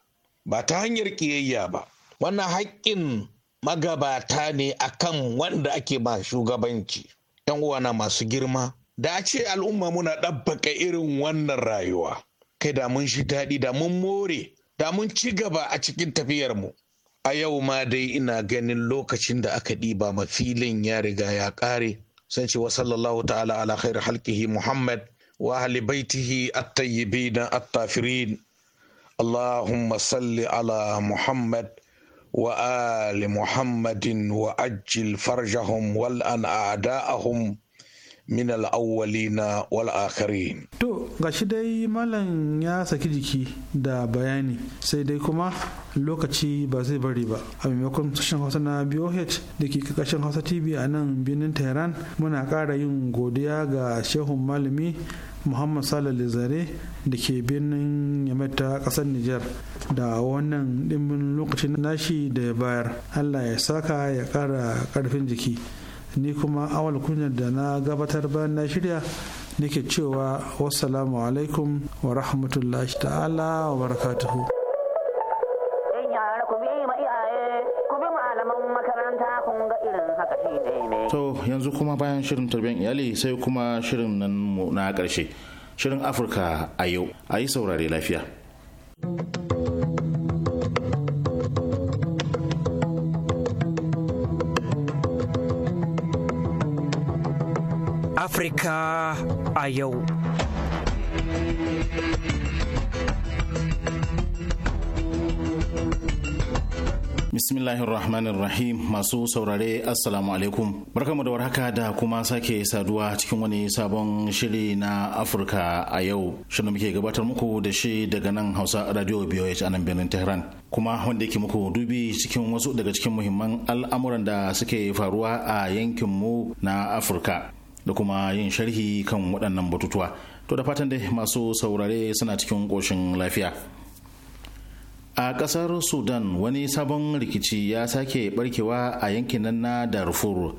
ba ta hanyar kiyayya ba wannan haƙƙin magabata ne akan wanda ake ba shugabanci yan uwana masu girma da a ce al'umma muna ɗabbaka irin wannan rayuwa kai da mun shi daɗi da mun more da mun ci gaba a cikin tafiyarmu a yau ma dai ina ganin lokacin da aka ɗiba ma filin ya riga ya ƙare sun ce wasallallahu ta'ala ala khair halkihi muhammad wa ahli baitihi at-tayyibin at-tafirin اللهم wa على محمد wa محمد وأجل فرجهم والأن أعداءهم min al'awwalina wal akari. to shi dai malam ya saki jiki da bayani sai dai kuma lokaci ba zai bari ba a maimakon sashen hausa na boh da ke kakashin hausa tv a nan birnin tehran muna ƙara yin godiya ga shehun malami muhammad salah zare da ke birnin yamata kasar nijar da wannan dimbin lokacin nashi da ya bayar allah ya saka ya kara karfin jiki ni kuma awal kunyar da na gabatar bayan na shirya nake cewa wassalamu alaikum wa rahmatullahi ta'ala wa barakatuhu yanzu kuma bayan shirin tarbiyyar iyali sai kuma shirin nan na ƙarshe shirin afirka a yau a yi saurare lafiya afirka a yau Bismillahir Rahmanir Rahim masu saurare Assalamu alaikum. Barkamu da warhaka da kuma sake saduwa cikin wani sabon shiri na Afirka a yau. Shirin muke gabatar muku da shi daga nan Hausa Radio BOH a nan birnin Tehran. Kuma wanda yake muku dubi cikin wasu daga cikin muhimman al'amuran da suke faruwa a yankinmu na Afirka da kuma yin sharhi kan waɗannan batutuwa. To da fatan dai masu saurare suna cikin ƙoshin lafiya. a kasar sudan wani sabon rikici ya sake barkewa a yankin nan na darfur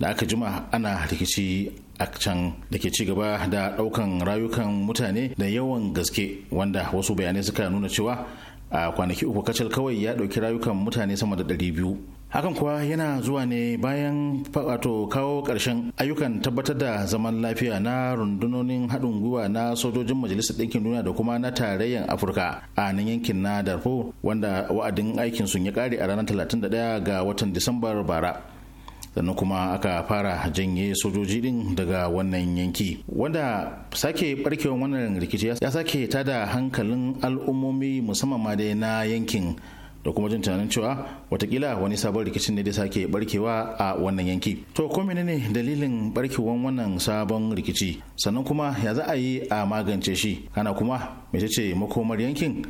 da aka jima ana rikici a can da ke gaba da daukan rayukan mutane da yawan gaske wanda wasu bayanai suka nuna cewa a kwanaki uku kacal kawai ya dauki rayukan mutane sama da 200 hakan kuwa yana zuwa ne bayan wato kawo ƙarshen ayyukan tabbatar da zaman lafiya na rundunonin haɗin gwiwa na sojojin majalisar ɗinkin duniya da kuma na tarayyar afirka a nan yankin na d'arfo. wanda wa'adin aikin sun ya ƙare a ranar 31 ga watan disambar bara sannan kuma aka fara janye sojoji din daga wannan yanki wanda sake barkewan wannan rikici ya sake tada hankalin al'ummomi musamman ma dai na yankin da kuma jin tunanin cewa watakila wani sabon rikicin ne da sake barkewa a wannan yanki to ko ne dalilin barkewan wannan sabon rikici sannan kuma ya za a yi a magance shi kana kuma ce makomar yankin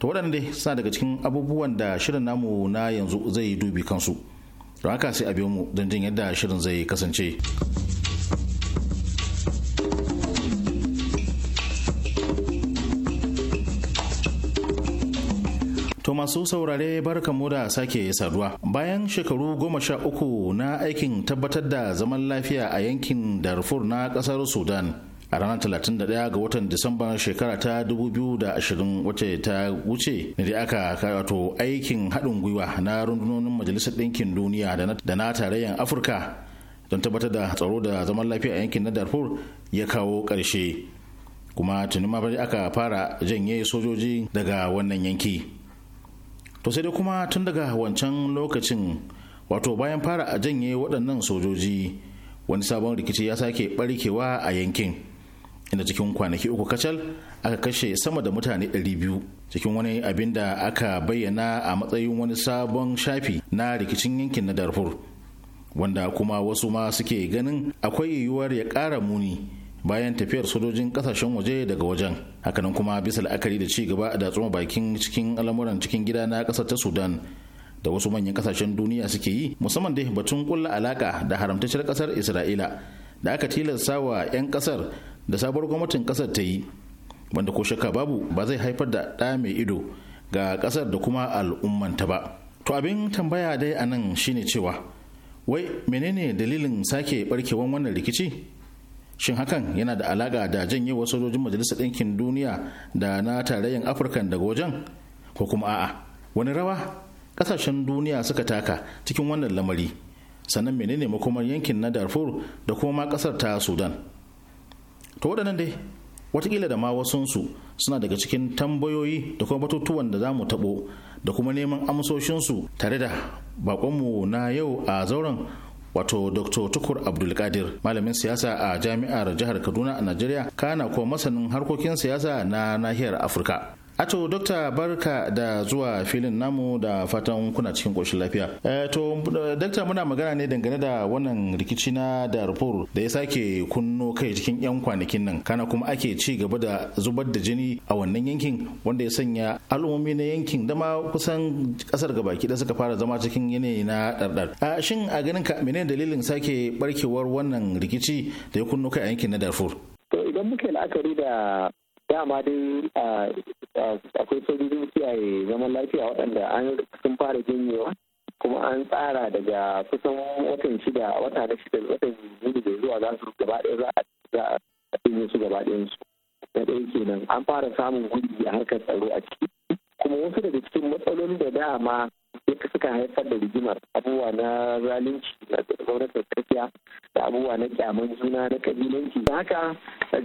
to waɗanda dai suna daga cikin abubuwan da shirin namu na yanzu zai dubi kansu don haka sai a biyo mu don jin yadda shirin zai kasance. To masu saurare barkamu da sake saduwa. Bayan shekaru goma sha uku na aikin tabbatar da zaman lafiya a yankin Darfur na kasar Sudan. A ranar 31 ga watan Disamba shekara ta 2020 wacce ta wuce ne da aka karato aikin haɗin gwiwa na rundunonin Majalisar Ɗinkin Duniya da na tarayyar Afirka don tabbatar da tsaro da zaman lafiya a yankin na Darfur ya kawo ƙarshe. Kuma tuni ma aka fara janye sojoji daga wannan yanki. to sai dai kuma tun daga wancan lokacin wato bayan fara a janye waɗannan sojoji wani sabon rikici ya sake barkewa a yankin inda cikin kwanaki uku kacal aka kashe sama da mutane 200 cikin wani abin da aka bayyana a matsayin wani sabon shafi na rikicin yankin na darfur wanda kuma wasu ma suke ganin akwai yiwuwar ya ƙara muni bayan tafiyar sojojin kasashen waje daga wajen hakanan kuma bisa la'akari da ci gaba da tsoma bakin cikin al'amuran cikin gida na kasar ta sudan da wasu manyan kasashen duniya suke yi musamman da batun kulla alaka da haramtacciyar kasar isra'ila da aka tilasta wa 'yan kasar da sabuwar gwamnatin kasar ta yi wanda ko shakka babu ba zai haifar da ɗa mai ido ga kasar da kuma al'ummanta ba to abin tambaya dai a nan shine cewa wai menene dalilin sake barkewan wannan rikici shin hakan yana da alaƙa da janyewar sojojin majalisar ɗinkin duniya da na tarayyar afirka daga wajen ko kuma a'a wani rawa ƙasashen duniya suka taka cikin wannan lamari sannan menene makomar yankin na darfur da kuma ma ƙasar ta sudan to waɗannan dai watakila da ma wasunsu suna daga cikin tambayoyi da kuma batutuwan da za mu taɓo da kuma neman amsoshinsu tare da baƙonmu na yau a zauren wato dr tukur abdulkadir malamin siyasa a jami'ar jihar kaduna a najeriya kana kuma masanin harkokin siyasa na nahiyar afirka Ato Dokta barka da zuwa filin namu da fatan kuna cikin ƙoshin lafiya. Eh, to Dokta muna magana ne dangane da wannan rikici na Darfur da ya sake kunno kai cikin 'yan kwanakin nan kana kuma ake ci gaba da zubar da jini a wannan yankin wanda ya sanya al'ummomi na yankin dama kusan kasar gabaki da suka fara zama cikin yanayi na dardar. A shin a ganin ka menene dalilin sake barkewar wannan rikici da ya kunno kai a yankin na Darfur? To idan muke la'akari da dama dai akwai sojojin kiyaye zaman lafiya waɗanda an sun fara jinyewa kuma an tsara daga kusan watan shida wata na shida watan yuli da zuwa za su gaba ɗaya za a janye su gaba ɗayan su na ɗaya kenan an fara samun gudi a harkar tsaro a ciki kuma wasu daga cikin matsalolin da dama suka haifar da rigimar abubuwa na zalunci na gwamnatin tsakiya da abubuwa na kyaman juna na kabilanci da haka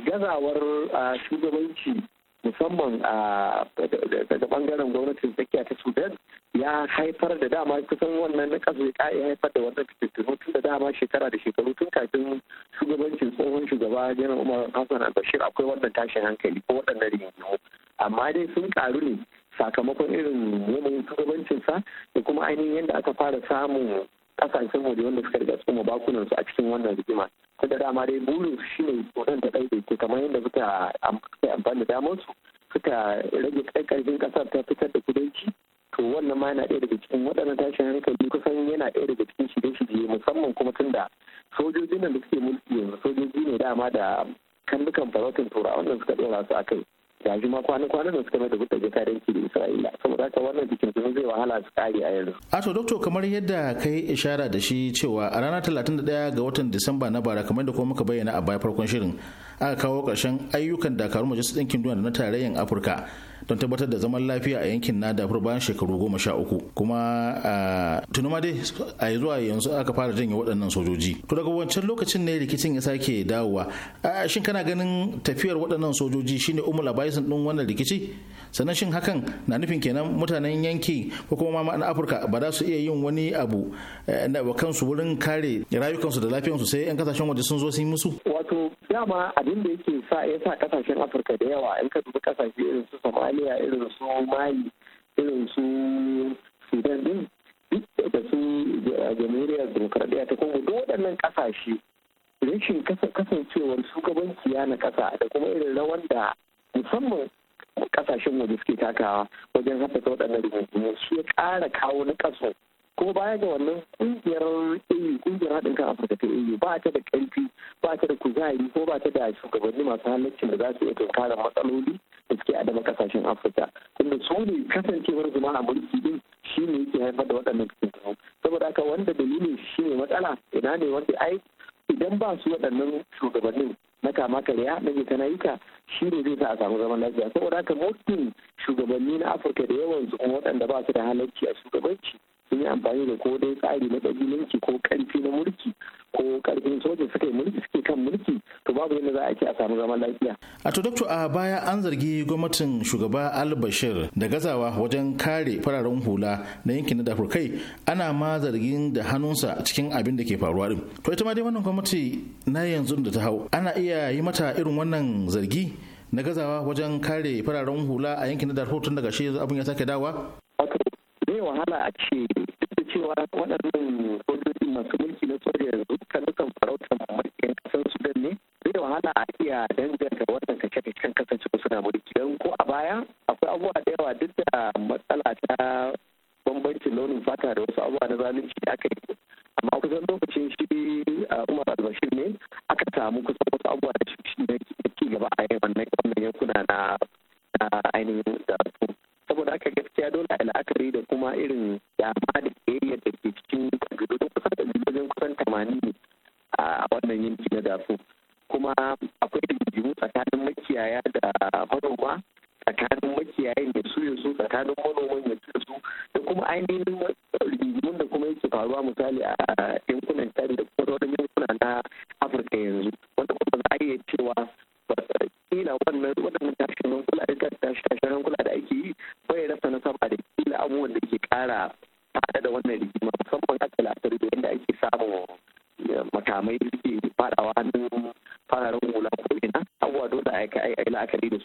gazawar shugabanci musamman daga bangaren gwamnatin tsakiya ta sudan ya haifar da dama kusan wannan na kasu ya haifar da wannan fitattun tun da dama shekara da shekaru tun kafin shugabancin tsohon shugaba janar umar hassan al-bashir akwai wannan tashin hankali ko waɗannan rigimu amma dai sun karu ne sakamakon irin yanayin turbancinsa da kuma ainihin yadda aka fara samun kasashen waje wanda suka riga su bakunan su a cikin wannan rigima ta da dama dai burin su shine tsoron ta ɗaiɗaike kamar yadda suka amfani da damar su suka rage ƙarfin ƙasar ta fitar da kudanci to wannan ma yana ɗaya daga cikin waɗannan tashin hankali kusan yana ɗaya daga cikin shige-shige musamman kuma tun da sojojin nan da suke mulki yanzu sojoji ne dama da dukan farautin turawan wannan suka ɗora su a kai yanzu ma kwanan kwanan da suka mai da gudajen karenci da isra'ila saboda haka wannan cikin zai wahala su kare a yanzu. a to doktor kamar yadda ka yi ishara da shi cewa a ranar ɗaya ga watan disamba na bara kamar da kuma muka bayyana a baya farkon shirin aka kawo ƙarshen ayyukan dakarun majalisar ɗinkin duniya da na tarayyar afirka don tabbatar da zaman lafiya a yankin na dafur bayan shekaru goma sha uku kuma a tunuma dai a yi zuwa yanzu aka fara janye waɗannan sojoji to daga wancan lokacin ne rikicin ya sake dawowa a shin kana ganin tafiyar waɗannan sojoji shine umul abaisin din wannan rikici sannan shin hakan na nufin kenan mutanen yanki ko kuma ma na afirka ba za su iya yin wani abu eh, wa kansu wurin kare rayukansu da lafiyansu sai yan kasashen waje sun zo sun yi musu wato dama abin da yake sa ya sa kasashen afirka da yawa in ka dubi kasashe irin su somali somaliya irin su mali irin su sudan din da su jamhuriyar demokradiyya ta kongo duk waɗannan ƙasashe rashin kasancewar shugabanci ya na ƙasa da kuma irin rawan da musamman ƙasashen waje suke takawa wajen haɓaka waɗannan rubutu su ya ƙara kawo na ƙasa kuma baya ga wannan kungiyar AU kungiyar haɗin kan Afirka ta AU ba ta da ƙarfi ba ta da kuzari ko ba ta da shugabanni masu halaccin da za su iya tunkarar matsaloli da suke adama ƙasashen Afirka tunda su ne kasancewar zuma a mulki din shi ne yake haifar da waɗannan fitintunu saboda haka wanda dalilin shi ne matsala ina ne wanda ai idan ba su waɗannan shugabannin na kama karya na je kanayuka shi ne zai sa a samu zaman lafiya saboda haka mutum shugabanni na afirka da yawan zuwa waɗanda ba su da halarci a shugabanci sun yi amfani da ko dai tsari na mulki ko ƙarfi na mulki ko ƙarfin soja suka yi mulki suke kan mulki to babu yadda za a ce a samu zaman lafiya. a to doctor a baya an zargi gwamnatin shugaba al bashir da gazawa wajen kare fararen hula na yankin da kai ana ma zargin da hannunsa cikin abin da ke faruwa din to ita ma dai wannan gwamnati na yanzu da ta hau ana iya yi mata irin wannan zargi na gazawa wajen kare fararen hula a yankin da tun daga shi abin ya sake dawa? zai wahala a ce duk da cewa waɗannan sojoji masu mulki na soja yanzu kanukan farautar mulkin kasar sudan ne zai wahala a iya danganta wannan kashe-kashen kasance suna mulki don ko a baya akwai abubuwa da yawa duk da matsala ta bambancin launin fata da wasu abubuwa na zalunci da aka yi amma kusan lokacin shi umar albashir ne aka samu kusan wasu abubuwa da shi ne ci gaba a wannan wannan yankuna na ainihin da saboda haka gaskiya dole a la'akari da kuma irin dama da kiyayyar da ke cikin kabilun kusan kabilun kusan tamanin a wannan yanki na dafu kuma akwai rigimu tsakanin makiyaya da manoma tsakanin makiyayan da su yanzu tsakanin manoman ya su yanzu da kuma ainihin rigimun da kuma yake faruwa misali a yankunan tare da kuma wani yankuna na afirka yanzu wanda kuma za a iya cewa I could either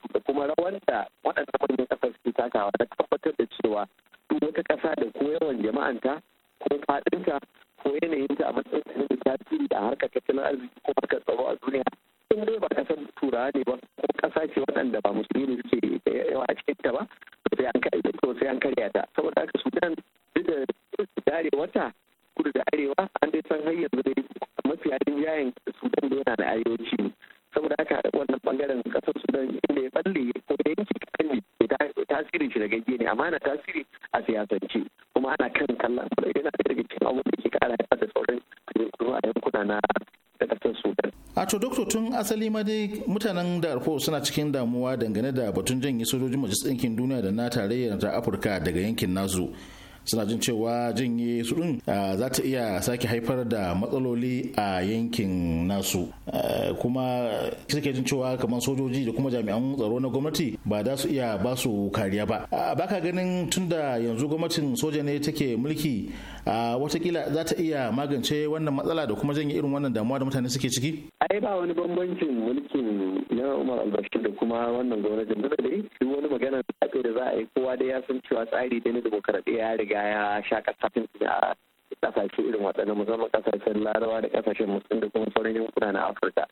asali ma dai mutanen darfur suna cikin damuwa dangane da batun janye sojojin majalisar ɗinkin duniya da na tarayyar ta afirka daga yankin nasu suna jin cewa janye su din za ta iya sake haifar da matsaloli a yankin nasu kuma suke jin cewa kamar sojoji da kuma jami'an tsaro na gwamnati ba za su iya ba su kariya ba baka ganin tunda yanzu gwamnatin soja ne take mulki watakila za ta iya magance wannan matsala da kuma janye irin wannan damuwa da mutane suke ciki ba wani bambancin mulkin na Umar Albashir da kuma wannan gwamnatin da dai duk wani magana zaɓe da za a yi kowa dai ya san cewa tsari da na demokaradiyya ya riga ya sha kasafin a kasashe irin waɗannan musamman kasashen larawa da kasashen musulun da kuma sauran yankuna na afirka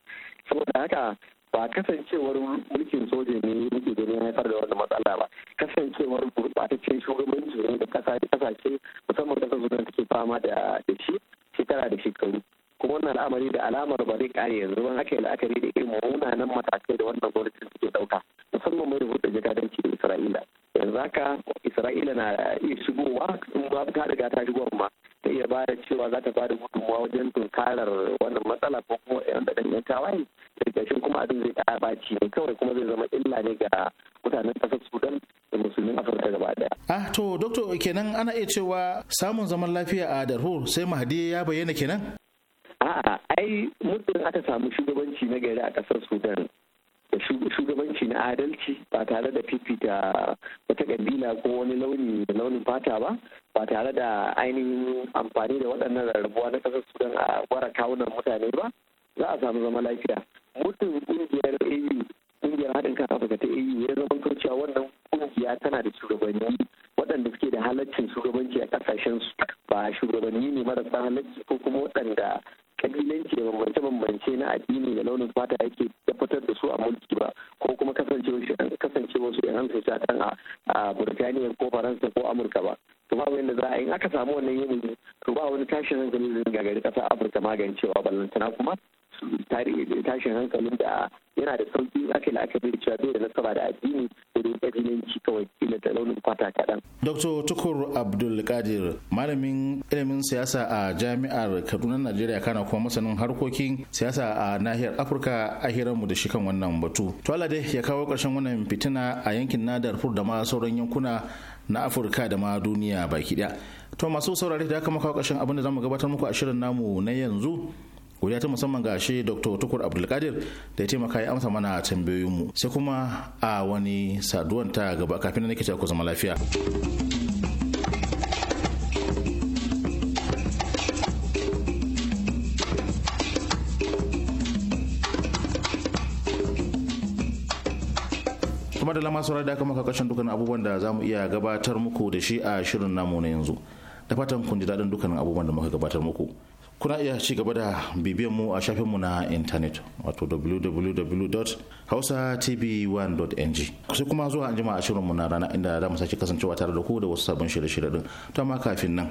saboda haka ba kasancewar mulkin soja ne muke gani ya haifar da wannan matsala ba kasancewar gurɓataccen shugabanci da kasashe musamman kasar da take fama da shi shekara da shekaru kuma wannan al'amari da alamar ba zai kare yanzu ban ake la'akari da irin munanan matakai da wannan gwamnatin suke dauka musamman mai rubuta jakadanci da isra'ila yanzu haka isra'ila na iya shigowa in ba ta riga ta shigo amma ta iya bada cewa za ta bada gudunmawa wajen tunkarar wannan matsala ko kuma yan da ɗanyen tawaye da gashin kuma abin zai ƙara baci ne kawai kuma zai zama illa ne ga mutanen ƙasar sudan da musulmin afirka gaba ɗaya. ah to doctor kenan ana iya cewa samun zaman lafiya a darfur sai mahdi ya bayyana kenan. a'a ai muddin aka samu shugabanci na gari a ƙasar sudan da shugabanci na adalci ba tare da fifita wata kabila ko wani launi da launin fata ba ba tare da ainihin amfani da waɗannan rarrabuwa na ƙasar sudan a gwara kawunan mutane ba za a samu zama lafiya Muddin ƙungiyar au e ƙungiyar haɗin kan afirka ta au e ya zama cewa wannan ƙungiya tana da shugabanni waɗanda suke da halaccin shugabanci a ƙasashen su ba shugabanni ne marasa halacci ko kuma waɗanda kabilanci da bambance-bambance na addini da launin fata yake tabbatar da su a mulki ba ko kuma kasancewar su yan amsa kan a burtaniya ko faransa ko amurka ba to ba wanda za a yi aka samu wannan yanayi to ba wani tashin hankali da gagari kasa afirka magancewa ballantana kuma tashin hankalin da yana da sauki ake la'akari da cewa bai da nasaba da addini da dai kabilanci kawai kila da launin fata kaɗan. Dr. Tukur Abdulkadir malamin ilimin siyasa a jami'ar Kaduna Najeriya kana kuma masanin harkokin siyasa a nahiyar Afirka a hirar mu da shi kan wannan batu. To Allah dai ya kawo ƙarshen wannan fitina a yankin na Darfur da ma sauran yankuna na Afirka da ma duniya baki ɗaya. To masu saurari da aka maka ƙarshen abin da zamu gabatar muku a shirin namu na yanzu godiya ta musamman ga shi dr tukur abdulkadir da ya taimaka ya amsa mana tambayoyin mu. sai kuma a wani saduwan ta gaba kafin na nake ku zama lafiya kuma da lamar saurari da aka maka kashin dukkanin abubuwan da za mu iya gabatar muku da shi a shirin namu na yanzu da fatan kun ji daɗin dukkanin abubuwan da muka gabatar muku kuna iya ci gaba da bibiyan mu a shafinmu na intanet wato www.hausatv1.ng sai kuma zuwa an jima a shirinmu na rana inda za mu sake kasancewa tare da ku da wasu sabon shirye-shirye din ta ma kafin nan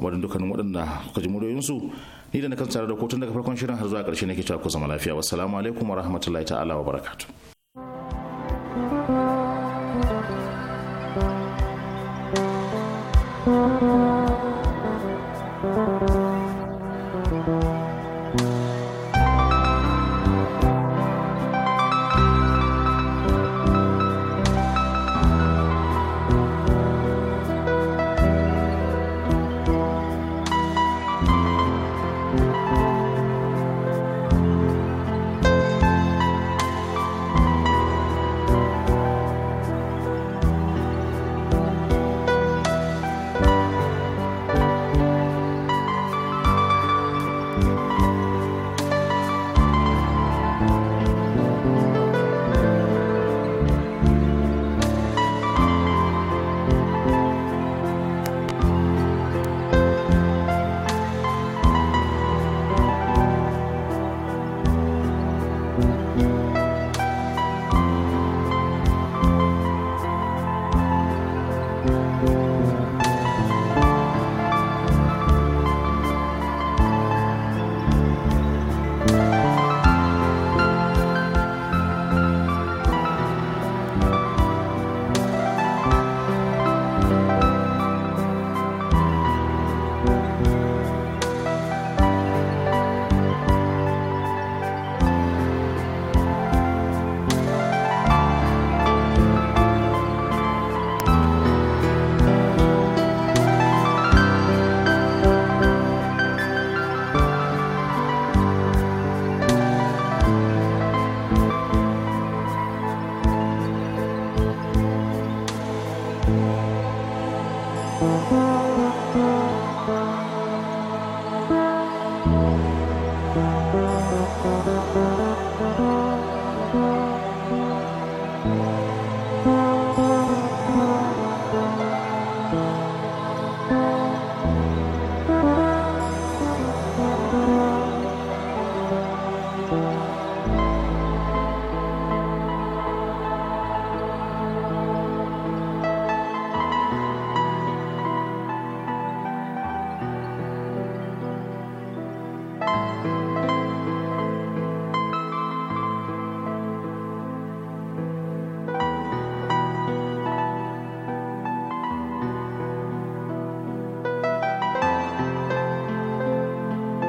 wadda dukkanin waɗanda kuka ji muryoyinsu ni da na kan tare da ku tun daga farkon shirin har zuwa ƙarshe nake cewa ku zama lafiya wassalamu alaikum wa rahmatullahi ta'ala wa barakatu. thank you